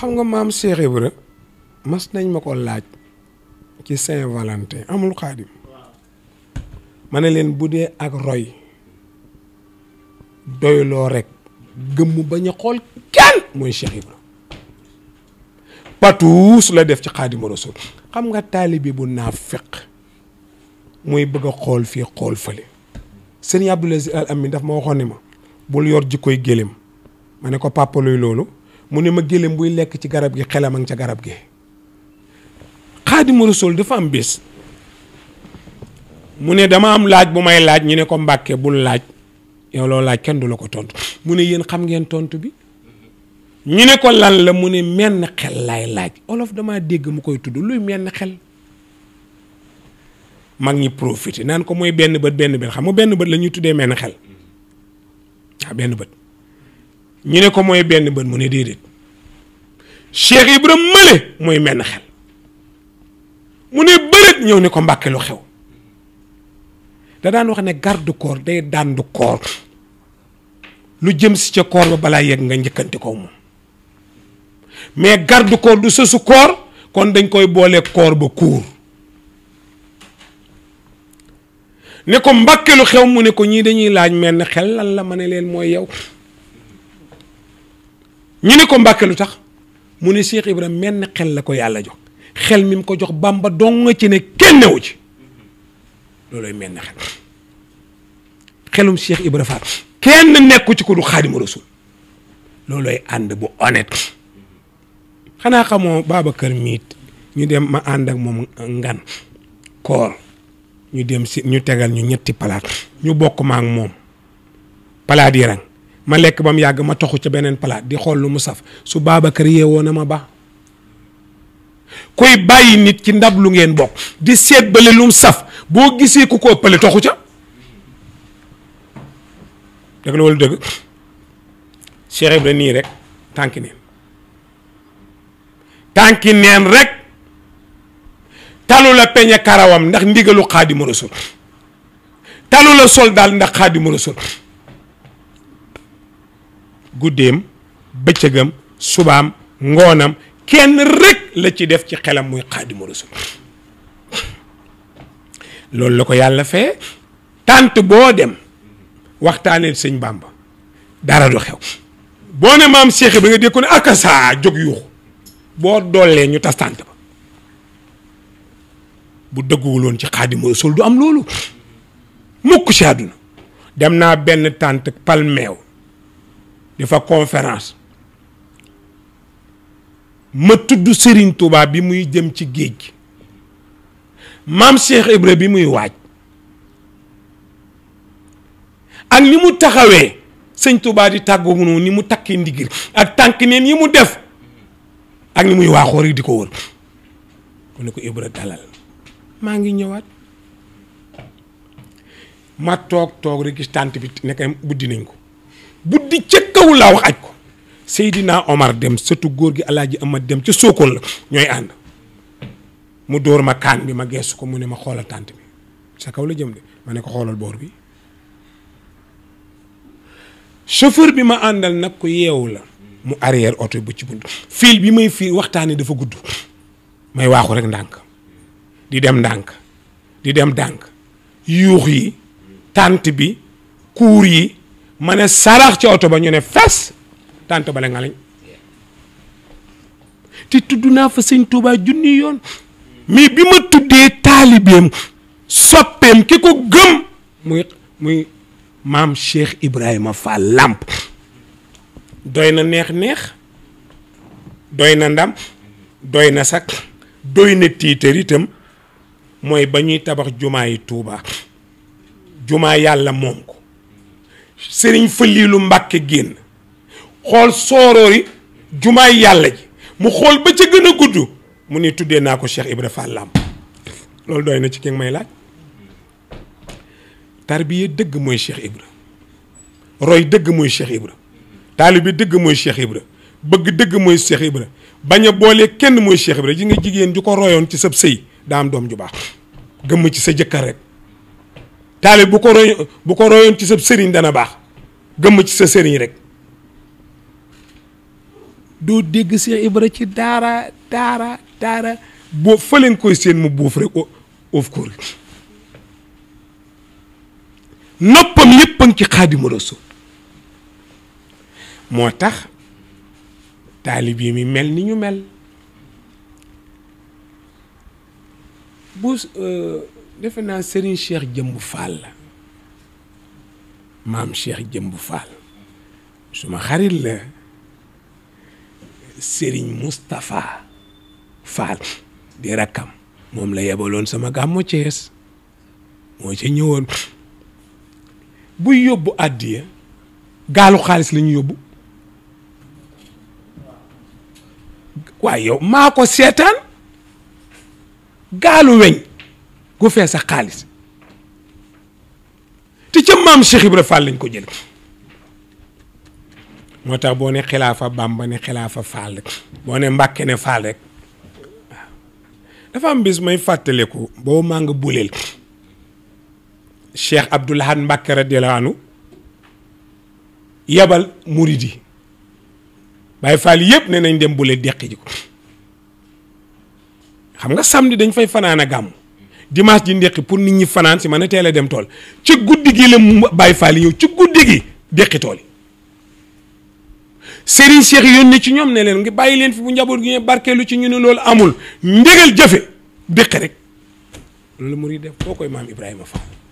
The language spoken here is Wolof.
xam nga maam Cheikh Ibra mas nañ ma ko laaj ci Saint-Valentin amul xaadim ma ne leen bu dee ak roy doyloo rek gëmm bañ a xool kenn mooy Cheikh Ibra patuus la def ci Xaadimu Rasuul xam nga taalibe bu naafiq muy bëgg xool fii xool fële sëñ Abdoul Aziz Al Amine daf ma waxoon ne ma bul yor jikkoy gélém ma ne ko papa loolu mu ne ma gélém buy lekk ci garab gi xelam ak ca garab gi xaadimu rasul dafa am bés mu ne dama am laaj bu may laaj ñu ne ko mbàkke bul laaj yow loo laaj kenn du la ko tontu mu ne yéen xam ngeen tontu bi ñu ne ko lan la mu ne menn xel laay laaj olof damaa dégg mu koy tudd luy menn xel mag ñi profité naan ko mooy benn bët benn bët xam nga benn bët la ñuy tuddee menn xel waaw ah, benn bët ñu ne ko mooy benn bët mu ne déedéet Cheikh Ibrahim mële mooy menn xel mu ne bëreet ñëw ne ko mbàkke lu xew da daan wax ne garde koor day dànd koor lu jëm si ca corps ba balaa yegg nga njëkkante ko moom mais garde corps du sësu corps kon dañ koy boole koor ba kuur ne ko mbàkke lu xew mu ne ko ñii dañuy laaj menn xel lan la ma ne leen mooy yow ñu ne ko Mbàkke lu tax mu ni Cheikh Ibrahima menn xel la ko yàlla jox xel mi ko jox Bàmba dong ci ne kenn newu ci loolooy menn xel xelum Cheikh Ibrahima Fall kenn nekku ci ko du Xaadimu Rasuul loolooy ànd bu honnête xanaa xamoo baaba kër miit ñu dem ma ànd ak moom ngan koor ñu dem si ñu tegal ñu ñetti palaat ñu bokk ma ak moom palaat yi ma lekk ba mu yàgg ma toxu ca beneen palaat di xool lu mu saf su kër yee yeewoo na ma ba koy bàyyi nit ci ndab lu ngeen bokk di seet ba bale lu mu saf boo gisee ku ko ëppale toxu ca dëgg la wala dëgg Cheikh Ibra nii rek tànki neen tànki neen rek talu la peñe karawam ndax ndigalu a Rasuul talu la sol daal ndax mën a sol guddeem bëccëgam subaam ngoonam kenn rek la ci def ci xelam muy xaadimu rasul loolu la ko yàlla fee tànt boo dem waxtaanee sëñ bàmba dara du xew boo ne maam Cheikh bi nga dégg ko ne akasa jóg yuuxu boo doolee ñu tas tànt ba bu dëgguwuloon ci xaadimu rasul du am loolu mukk si àdduna dem naa benn tànt palmeew di fa conférence ma tudd Serigne tubaab bi muy jëm ci géej gi maam Cheikh Ibra bi muy waaj ak ni mu taxawee sëñ tubaab di tàggoo noonu ni mu takkee ndigir ak tànk yi mu def ak ni muy waaxoor yi di ko wër mu ne ko Ibra dalal maa ngi ñëwaat ma toog toog rek gis tànt bi nekka buddi nañ ko buddi ca kaw laa wax aj ko Seydina Omar dem sëtu góor gi alaaji Amad dem ca Sokone la ñooy ànd mu dóor ma kaan bi ma geesu ko mu ne ma xoolal tànt bi sa kaw la jëm de ma ne ko xoolal boor bi chauffeur bi ma àndal nag ko yeewu la mu arrière oto ba ci bunt fiil bi may fii waxtaanee dafa gudd may waaxu rek ndànk di dem ndànk di dem ndànk yuux yi tànt bi kuur yi mane sarax ci oto ba ñu ne fes tànt bale nga lañ te tudd naa fa sëñ Tuubaa junni yoon mais bi ma tuddee taalibeem soppeem ki ko gëm muy muy maam Cheikh Ibrahima Fall làmp doy na neex-neex doy na ndam doy na sak doy na tiitar itam mooy ba ñuy tabax jumaa yi tuuba jumaa yàlla moom sëriñ Faliilu Mbàkke génn xool sooroori jumaay yàlla ji mu xool ba ca gën a gudd mu ni tuddee naa ko Cheikh Ibra Fall Lamp loolu doy na ci ki may laaj tarbiye dëgg mooy Cheikh Ibra roy dëgg mooy Cheikh Ibra taalibe dëgg mooy Cheikh Ibra bëgg dëgg mooy Cheikh Ibra bañ a boole kenn mooy Cheikh Ibra ji nga jigéen ju ko royoon ci sab sëy daa am doom ju baax gëmm ci sa jëkkër rek taalib bu ko roy ko royoon ci sa sëriñ dana baax gëmm ci sa sëriñ rek doo dégg Cheikh Ibra ci daara daara daara boo fa koy seen mu buuf rek of koor noppam yépp a ci Xaadimu Rasuul moo tax taalib yi mi mel ni ñu mel bu euh, defe naa Serigne Cheikh Jëmbu Fall la maam Cheikh Jëmbu Fall suma xarit la Serigne Moustapha Fall di rakkam moom la yebaloon sama gàmmu Cees moo ca ñëwoon buy yóbbu àddiya gaalu xaalis la ñu yóbbu waaye maa ko seetaan gaalu weñ gu fee sax xaalis te ca maam Cheikh Ibra Fall lañ ko jël moo tax boo ne xilaafa Bàmba ne xilaafa Fall rek boo ne Mbàkke ne Fall rek dafa am bis may fàttaliku boobu maa nga buleel Cheikh Abdoul Ahad Mbàkke radiyallaahu anhu yabal murid yi Baay Fall yëpp ne nañ dem buleel deqi ko xam nga samedi dañ fay fanaan a gàmm dimanche ji ndéqi pour nit ñi fanaan si mën a teel a dem tool ci guddi gi la Baay Faal yi ñëw ci guddi gi déqi tool yi Serigne Cheikh yónni ci ñoom ne leen ngi bàyyi leen fi bu njaboot gi ñëw barkeelu ci ñu ne loolu amul ndégal jëfe déqi rek loolu murid def koo koy maam Ibrahima Fall